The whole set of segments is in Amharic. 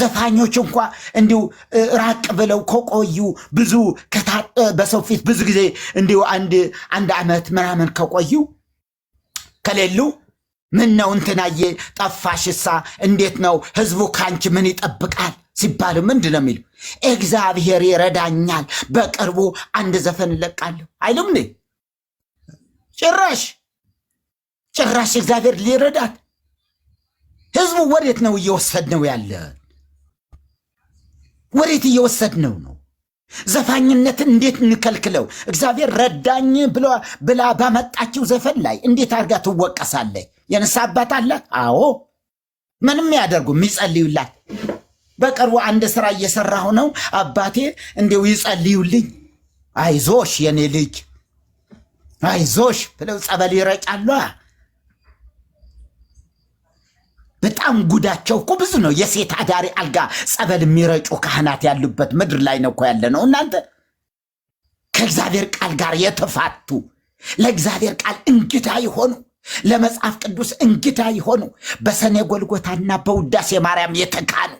ዘፋኞች እንኳ እንዲሁ ራቅ ብለው ከቆዩ ብዙ በሰው ፊት ብዙ ጊዜ እንዲሁ አንድ አንድ ዓመት ምናምን ከቆዩ ከሌሉ ምን ነው እንትናዬ ጠፋሽሳ እንዴት ነው ህዝቡ ካንቺ ምን ይጠብቃል ሲባል ምንድን ነው የሚሉ እግዚአብሔር ይረዳኛል፣ በቅርቡ አንድ ዘፈን እለቃለሁ አይሉም እንዴ? ጭራሽ ጭራሽ እግዚአብሔር ሊረዳት ህዝቡ ወዴት ነው እየወሰድ ነው ያለን? ወዴት እየወሰድነው ነው? ዘፋኝነትን እንዴት እንከልክለው? እግዚአብሔር ረዳኝ ብላ ባመጣችው ዘፈን ላይ እንዴት አድርጋ ትወቀሳለች? የንስሐ አባት አለ? አዎ፣ ምንም ያደርጉ የሚጸልዩላት። በቅርቡ አንድ ስራ እየሰራሁ ነው። አባቴ እንዲው ይጸልዩልኝ፣ አይዞሽ የኔ ልጅ አይዞሽ ብለው ጸበል ይረጫሏ። በጣም ጉዳቸው እኮ ብዙ ነው። የሴት አዳሪ አልጋ ጸበል የሚረጩ ካህናት ያሉበት ምድር ላይ ነው እኮ ያለ ነው። እናንተ ከእግዚአብሔር ቃል ጋር የተፋቱ ለእግዚአብሔር ቃል እንግዳ የሆኑ ለመጽሐፍ ቅዱስ እንግዳ የሆኑ በሰኔ ጎልጎታና በውዳሴ ማርያም የተካኑ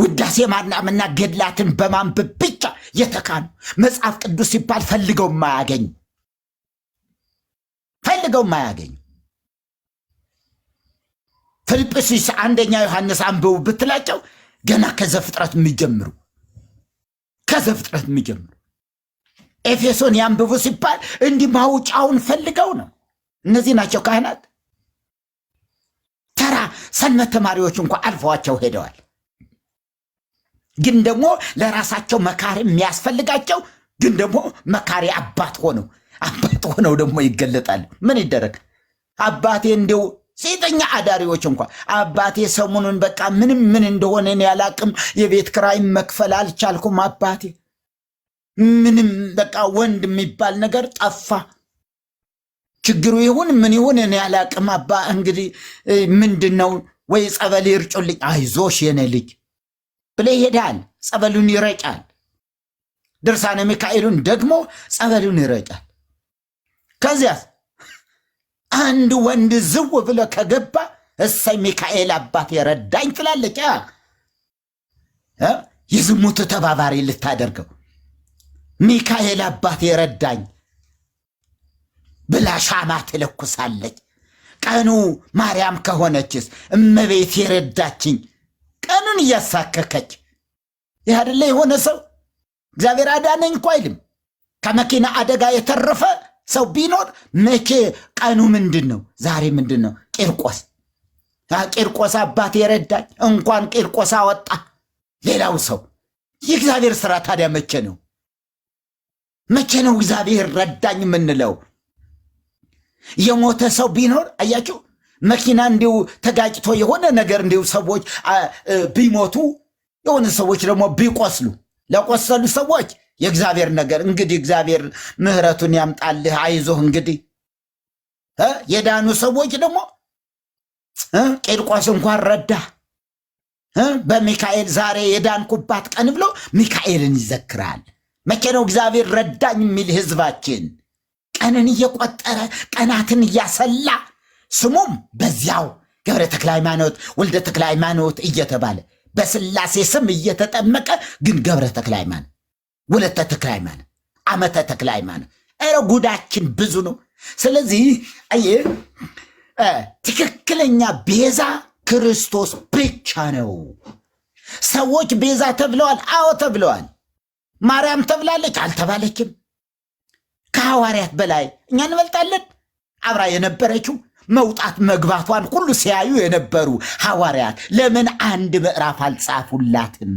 ውዳሴ ማርያምና ገድላትን በማንበብ ብቻ የተካኑ መጽሐፍ ቅዱስ ሲባል ፈልገው ማያገኝ ፈልገው ማያገኙ ፊልጵስዩስ አንደኛ ዮሐንስ አንብቡ ብትላቸው ገና ከዘፍጥረት የሚጀምሩ ከዘፍጥረት የሚጀምሩ ኤፌሶን ያንብቡ ሲባል እንዲህ ማውጫውን ፈልገው ነው። እነዚህ ናቸው ካህናት። ተራ ሰንበት ተማሪዎች እንኳ አልፈዋቸው ሄደዋል። ግን ደግሞ ለራሳቸው መካሪ የሚያስፈልጋቸው ግን ደግሞ መካሪ አባት ሆነው አባት ሆነው ደግሞ ይገለጣል። ምን ይደረግ አባቴ እንዲው ሴተኛ አዳሪዎች እንኳ አባቴ ሰሙኑን በቃ ምንም ምን እንደሆነ እኔ አላቅም፣ የቤት ክራይ መክፈል አልቻልኩም፣ አባቴ ምንም በቃ ወንድ የሚባል ነገር ጠፋ። ችግሩ ይሁን ምን ይሁን እኔ አላቅም። አባ እንግዲህ ምንድን ነው ወይ ጸበል ይርጩልኝ፣ አይዞሽ የኔ ልጅ ብለ ይሄዳል። ጸበሉን ይረጫል። ድርሳነ ሚካኤሉን ደግሞ ጸበሉን ይረጫል። ከዚያስ አንድ ወንድ ዝው ብሎ ከገባ እሰይ ሚካኤል አባት የረዳኝ ትላለች። የዝሙቱ ተባባሪ ልታደርገው ሚካኤል አባት የረዳኝ ብላ ሻማ ትለኩሳለች። ቀኑ ማርያም ከሆነችስ እመቤት የረዳችኝ ቀኑን እያሳከከች ይህ አደለ የሆነ ሰው እግዚአብሔር አዳነኝ እኮ አይልም። ከመኪና አደጋ የተረፈ ሰው ቢኖር መቼ ቀኑ ምንድን ነው? ዛሬ ምንድን ነው? ቂርቆስ ቂርቆስ አባት የረዳኝ እንኳን ቂርቆስ አወጣ ሌላው ሰው የእግዚአብሔር ስራ ታዲያ መቼ ነው? መቼ ነው እግዚአብሔር ረዳኝ የምንለው? የሞተ ሰው ቢኖር አያችሁ፣ መኪና እንዲሁ ተጋጭቶ የሆነ ነገር እንዲሁ ሰዎች ቢሞቱ የሆነ ሰዎች ደግሞ ቢቆስሉ ለቆሰሉ ሰዎች የእግዚአብሔር ነገር እንግዲህ እግዚአብሔር ምሕረቱን ያምጣልህ። አይዞህ እንግዲህ የዳኑ ሰዎች ደግሞ ቂርቆስ እንኳን ረዳ በሚካኤል ዛሬ የዳንኩባት ቀን ብሎ ሚካኤልን ይዘክራል። መቼ ነው እግዚአብሔር ረዳኝ የሚል ህዝባችን? ቀንን እየቆጠረ ቀናትን እያሰላ ስሙም በዚያው ገብረ ተክለ ሃይማኖት፣ ወልደ ተክለ ሃይማኖት እየተባለ በስላሴ ስም እየተጠመቀ ግን ገብረ ተክለ ሃይማኖት ሁለተ ተክለ ሃይማኖት፣ አመተ ተክለ ሃይማኖት። ኧረ ጉዳችን ብዙ ነው። ስለዚህ ትክክለኛ ቤዛ ክርስቶስ ብቻ ነው። ሰዎች ቤዛ ተብለዋል። አዎ ተብለዋል። ማርያም ተብላለች አልተባለችም? ከሐዋርያት በላይ እኛ እንበልጣለን። አብራ የነበረችው መውጣት መግባቷን ሁሉ ሲያዩ የነበሩ ሐዋርያት ለምን አንድ ምዕራፍ አልጻፉላትም?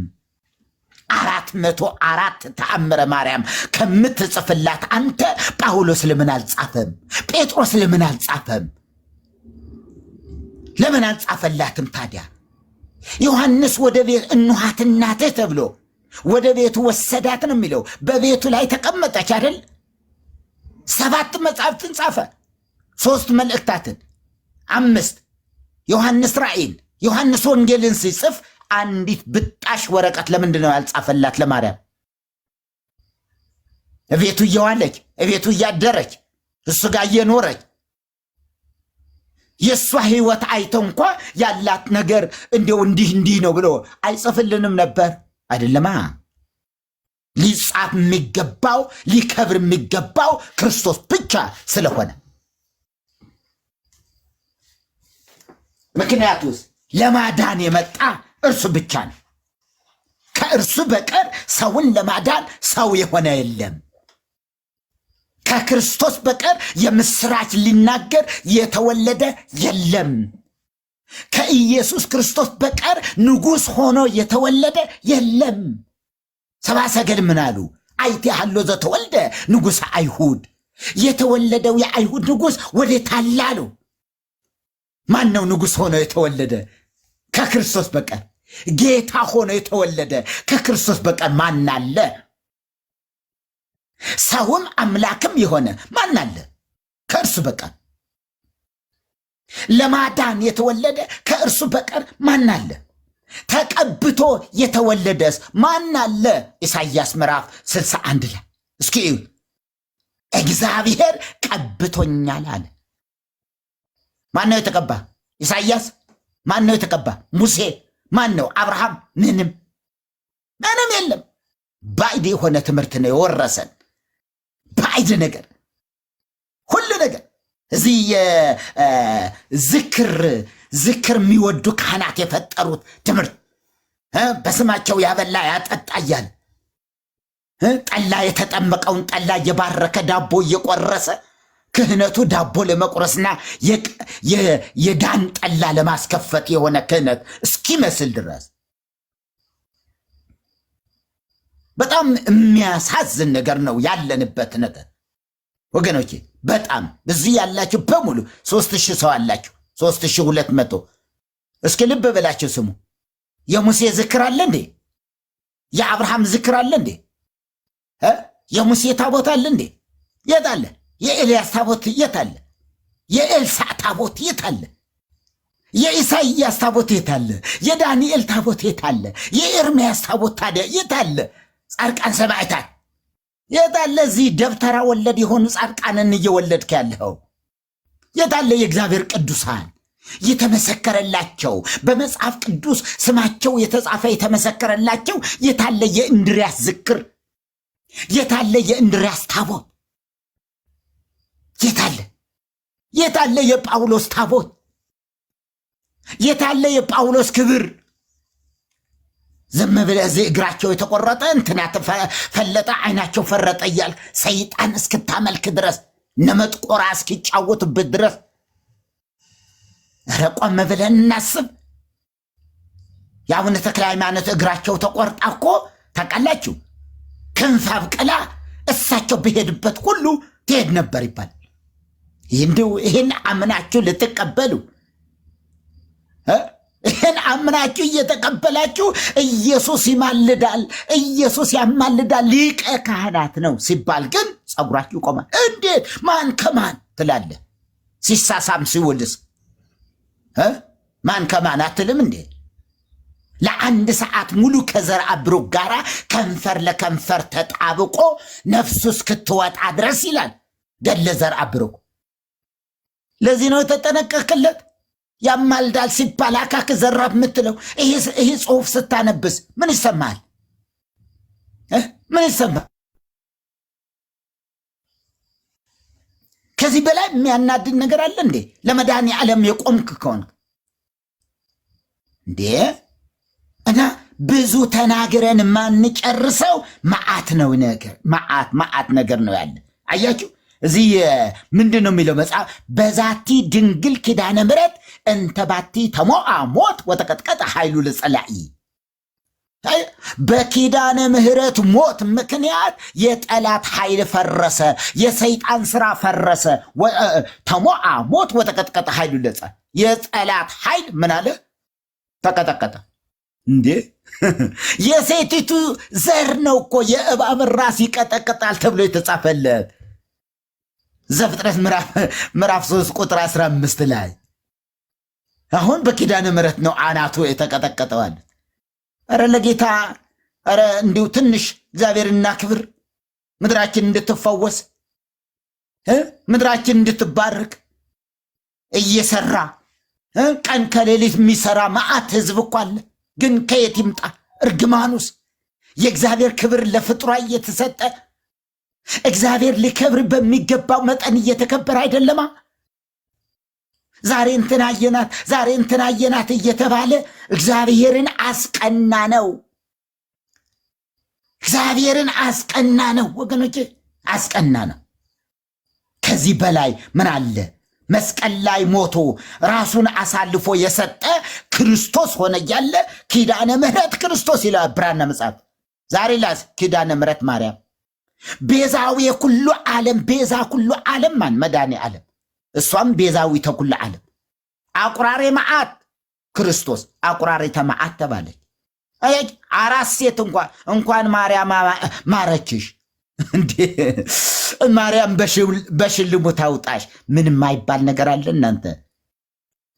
አራት መቶ አራት ተአምረ ማርያም ከምትጽፍላት አንተ ጳውሎስ ለምን አልጻፈም? ጴጥሮስ ለምን አልጻፈም? ለምን አልጻፈላትም ታዲያ? ዮሐንስ ወደ ቤት እንኋት እናትህ ተብሎ ወደ ቤቱ ወሰዳት ነው የሚለው። በቤቱ ላይ ተቀመጠች አይደል? ሰባት መጽሐፍትን ጻፈ። ሶስት መልእክታትን፣ አምስት ዮሐንስ ራእይን፣ ዮሐንስ ወንጌልን ሲጽፍ አንዲት ብጣሽ ወረቀት ለምንድን ነው ያልጻፈላት ለማርያም? እቤቱ እየዋለች እቤቱ እያደረች እሱ ጋር እየኖረች የእሷ ህይወት አይተ እንኳ ያላት ነገር እንዲው እንዲህ እንዲህ ነው ብሎ አይጽፍልንም ነበር አይደለማ። ሊጻፍ የሚገባው ሊከብር የሚገባው ክርስቶስ ብቻ ስለሆነ ምክንያቱስ ለማዳን የመጣ እርሱ ብቻ ነው። ከእርሱ በቀር ሰውን ለማዳን ሰው የሆነ የለም። ከክርስቶስ በቀር የምስራች ሊናገር የተወለደ የለም። ከኢየሱስ ክርስቶስ በቀር ንጉሥ ሆኖ የተወለደ የለም። ሰባ ሰገል ምን አሉ? አይቴ ሀሎ ዘተወልደ ንጉሥ አይሁድ፣ የተወለደው የአይሁድ ንጉሥ ወዴት አለ አሉ። ማን ነው ንጉሥ ሆኖ የተወለደ ከክርስቶስ በቀር? ጌታ ሆኖ የተወለደ ከክርስቶስ በቀር ማን አለ? ሰውም አምላክም የሆነ ማን አለ ከእርሱ በቀር? ለማዳን የተወለደ ከእርሱ በቀር ማን አለ? ተቀብቶ የተወለደስ ማን አለ? ኢሳይያስ ምዕራፍ 61 ላይ እስኪ እግዚአብሔር ቀብቶኛል አለ። ማን ነው የተቀባ? ኢሳይያስ። ማን ነው የተቀባ? ሙሴ ማን ነው? አብርሃም። ምንም ምንም የለም። ባይድ የሆነ ትምህርት ነው የወረሰን። ባይድ ነገር ሁሉ ነገር እዚህ የዝክር ዝክር የሚወዱ ካህናት የፈጠሩት ትምህርት በስማቸው ያበላ ያጠጣ እያለ ጠላ የተጠመቀውን ጠላ እየባረከ ዳቦ እየቆረሰ ክህነቱ ዳቦ ለመቁረስና የዳን ጠላ ለማስከፈት የሆነ ክህነት እስኪመስል ድረስ በጣም የሚያሳዝን ነገር ነው ያለንበት ነገር ወገኖቼ። በጣም እዚህ ያላችሁ በሙሉ ሶስት ሺህ ሰው አላችሁ፣ ሶስት ሺህ ሁለት መቶ እስኪ ልብ ብላችሁ ስሙ። የሙሴ ዝክር አለ እንዴ? የአብርሃም ዝክር አለ እንዴ? የሙሴ ታቦት አለ እንዴ? የት አለ? የኤልያስ ታቦት የት አለ? የኤልሳ ታቦት የት አለ? የኢሳይያስ ታቦት የት አለ? የዳንኤል ታቦት የት አለ? የኤርምያስ ታቦት ታዲያ የት አለ? ጻድቃን ሰማዕታት የት አለ? እዚህ ደብተራ ወለድ የሆኑ ጻድቃንን እየወለድክ ያለው የት አለ? የእግዚአብሔር ቅዱሳን የተመሰከረላቸው በመጽሐፍ ቅዱስ ስማቸው የተጻፈ የተመሰከረላቸው የታለ? የእንድርያስ ዝክር የታለ? የእንድርያስ ታቦት የታለ የታለ የጳውሎስ ታቦት የታለ የጳውሎስ ክብር? ዝም ብለህ እዚህ እግራቸው የተቆረጠ እንትና ፈለጠ አይናቸው ፈረጠ እያል ሰይጣን እስክታመልክ ድረስ ነመጥቆራ እስኪጫወትበት ድረስ ኧረ ቆም ብለን እናስብ። የአቡነ ተክለ ሃይማኖት እግራቸው ተቆርጣ እኮ ታውቃላችሁ፣ ክንፍ አብቅላ እሳቸው ብሄድበት ሁሉ ትሄድ ነበር ይባላል። እንደው ይህን አምናችሁ ልትቀበሉ ይህን አምናችሁ እየተቀበላችሁ ኢየሱስ ይማልዳል፣ ኢየሱስ ያማልዳል፣ ሊቀ ካህናት ነው ሲባል ግን ጸጉራችሁ ይቆማል። እንዴት ማን ከማን ትላለ? ሲሳሳም ሲውልስ ማን ከማን አትልም እንዴ? ለአንድ ሰዓት ሙሉ ከዘር አብሮ ጋራ ከንፈር ለከንፈር ተጣብቆ ነፍሱ እስክትወጣ ድረስ ይላል ገለ ዘር አብሮ ለዚህ ነው የተጠነቀቅለት። ያማልዳል ሲባል አካክ ዘራፍ የምትለው ይህ ጽሁፍ ስታነብስ ምን ይሰማል? ምን ይሰማል? ከዚህ በላይ የሚያናድድ ነገር አለ እንዴ? ለመድኃኔ ዓለም የቆምክ ከሆንክ እንዴ እና ብዙ ተናግረን ማንጨርሰው መዓት ነው ነገር መዓት መዓት ነገር ነው ያለ አያችሁ። እዚህ ምንድን ነው የሚለው መጽሐፍ? በዛቲ ድንግል ኪዳነ ምሕረት እንተባቲ ተሞአ ሞት ወተቀጥቀጠ ኃይሉ ለጸላኢ። በኪዳነ ምሕረት ሞት ምክንያት የጠላት ኃይል ፈረሰ፣ የሰይጣን ስራ ፈረሰ። ተሞአ ሞት ወተቀጥቀጠ ኃይሉ ለጸ የጠላት ኃይል ምን አለ? ተቀጠቀጠ። እንዴ የሴቲቱ ዘር ነው እኮ የእባብን ራስ ይቀጠቅጣል ተብሎ የተጻፈለት ዘፍጥረት ምዕራፍ 3 ቁጥር 15 ላይ አሁን በኪዳነ ምሕረት ነው አናቱ የተቀጠቀጠዋል። ኧረ ለጌታ ኧረ እንዲሁ ትንሽ እግዚአብሔር ክብር ምድራችን እንድትፈወስ ምድራችን እንድትባረክ እየሰራ ቀን ከሌሊት የሚሰራ መዓት ህዝብ እኮ አለ። ግን ከየት ይምጣ እርግማኑስ? የእግዚአብሔር ክብር ለፍጥሯ እየተሰጠ እግዚአብሔር ሊከብር በሚገባው መጠን እየተከበረ አይደለማ። ዛሬ እንትናየናት ዛሬ እንትናየናት እየተባለ እግዚአብሔርን አስቀና ነው። እግዚአብሔርን አስቀና ነው ወገኖቼ፣ አስቀና ነው። ከዚህ በላይ ምን አለ? መስቀል ላይ ሞቶ ራሱን አሳልፎ የሰጠ ክርስቶስ ሆነ እያለ ኪዳነ ምሕረት ክርስቶስ ይለ ብራና መጽሐፍ። ዛሬ ላስ ኪዳነ ምሕረት ማርያም ቤዛዊ የኩሉ ዓለም ቤዛ ኩሉ ዓለም ማን መድኃኔ ዓለም እሷም ቤዛዊ ተኩሉ ዓለም አቁራሬ መዓት ክርስቶስ አቁራሬ ተመዓት ተባለች። አራት ሴት እንኳን ማርያም ማረችሽ እንዴ ማርያም በሽልሙ ታውጣሽ። ምን የማይባል ነገር አለ እናንተ?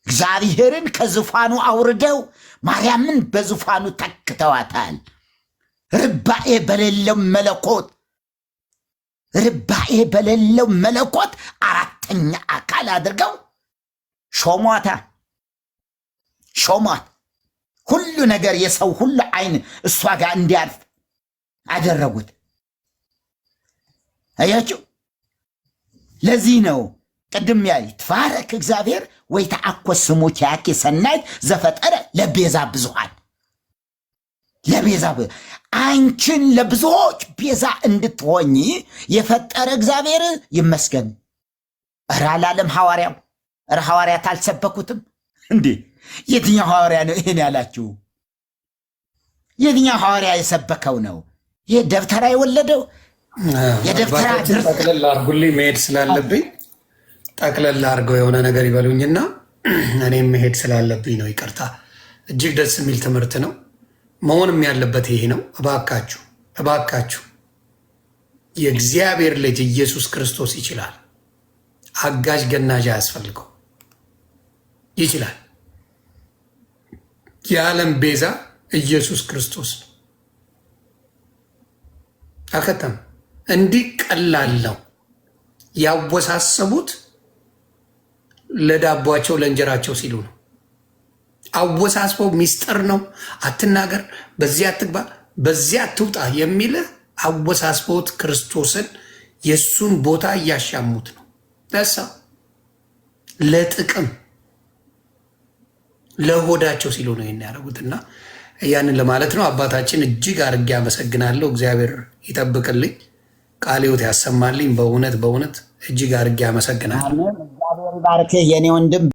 እግዚአብሔርን ከዙፋኑ አውርደው ማርያምን በዙፋኑ ተክተዋታል። ርባኤ በሌለው መለኮት ርባኤ በሌለው መለኮት አራተኛ አካል አድርገው ሾሟታ ሾሟት። ሁሉ ነገር የሰው ሁሉ አይን እሷ ጋር እንዲያርፍ አደረጉት። አያችሁ፣ ለዚህ ነው ቅድም ያ ትፋረክ እግዚአብሔር ወይ ተአኮስ ስሙ ኪያኪ ሰናይት ዘፈጠረ ለቤዛ ብዙኃን ለቤዛ አንቺን ለብዙዎች ቤዛ እንድትሆኝ የፈጠረ እግዚአብሔር ይመስገን። እረ አላለም ሐዋርያው? እረ ሐዋርያት አልሰበኩትም እንዴ? የትኛው ሐዋርያ ነው ይሄን ያላችሁ? የትኛው ሐዋርያ የሰበከው ነው? ይህ ደብተራ የወለደው የደብተራ ጠቅለል መሄድ ስላለብኝ ጠቅለላ አርገው የሆነ ነገር ይበሉኝና እኔም መሄድ ስላለብኝ ነው። ይቅርታ። እጅግ ደስ የሚል ትምህርት ነው። መሆንም ያለበት ይሄ ነው። እባካችሁ እባካችሁ የእግዚአብሔር ልጅ ኢየሱስ ክርስቶስ ይችላል። አጋዥ ገናዥ አያስፈልገው፣ ይችላል። የዓለም ቤዛ ኢየሱስ ክርስቶስ ነው። አከተም እንዲህ ቀላል ነው። ያወሳሰቡት ለዳቧቸው ለእንጀራቸው ሲሉ ነው። አወሳስበው ሚስጥር ነው፣ አትናገር፣ በዚያ አትግባ፣ በዚያ አትውጣ የሚል አወሳስበውት ክርስቶስን የእሱን ቦታ እያሻሙት ነው። ደሳ ለጥቅም ለሆዳቸው ሲሉ ነው ይህን ያደረጉትና ያንን ለማለት ነው። አባታችን እጅግ አድርጌ አመሰግናለሁ። እግዚአብሔር ይጠብቅልኝ፣ ቃሌዎት ያሰማልኝ። በእውነት በእውነት እጅግ አድርጌ አመሰግናለሁ። እግዚአብሔር ባርክ የኔ ወንድም።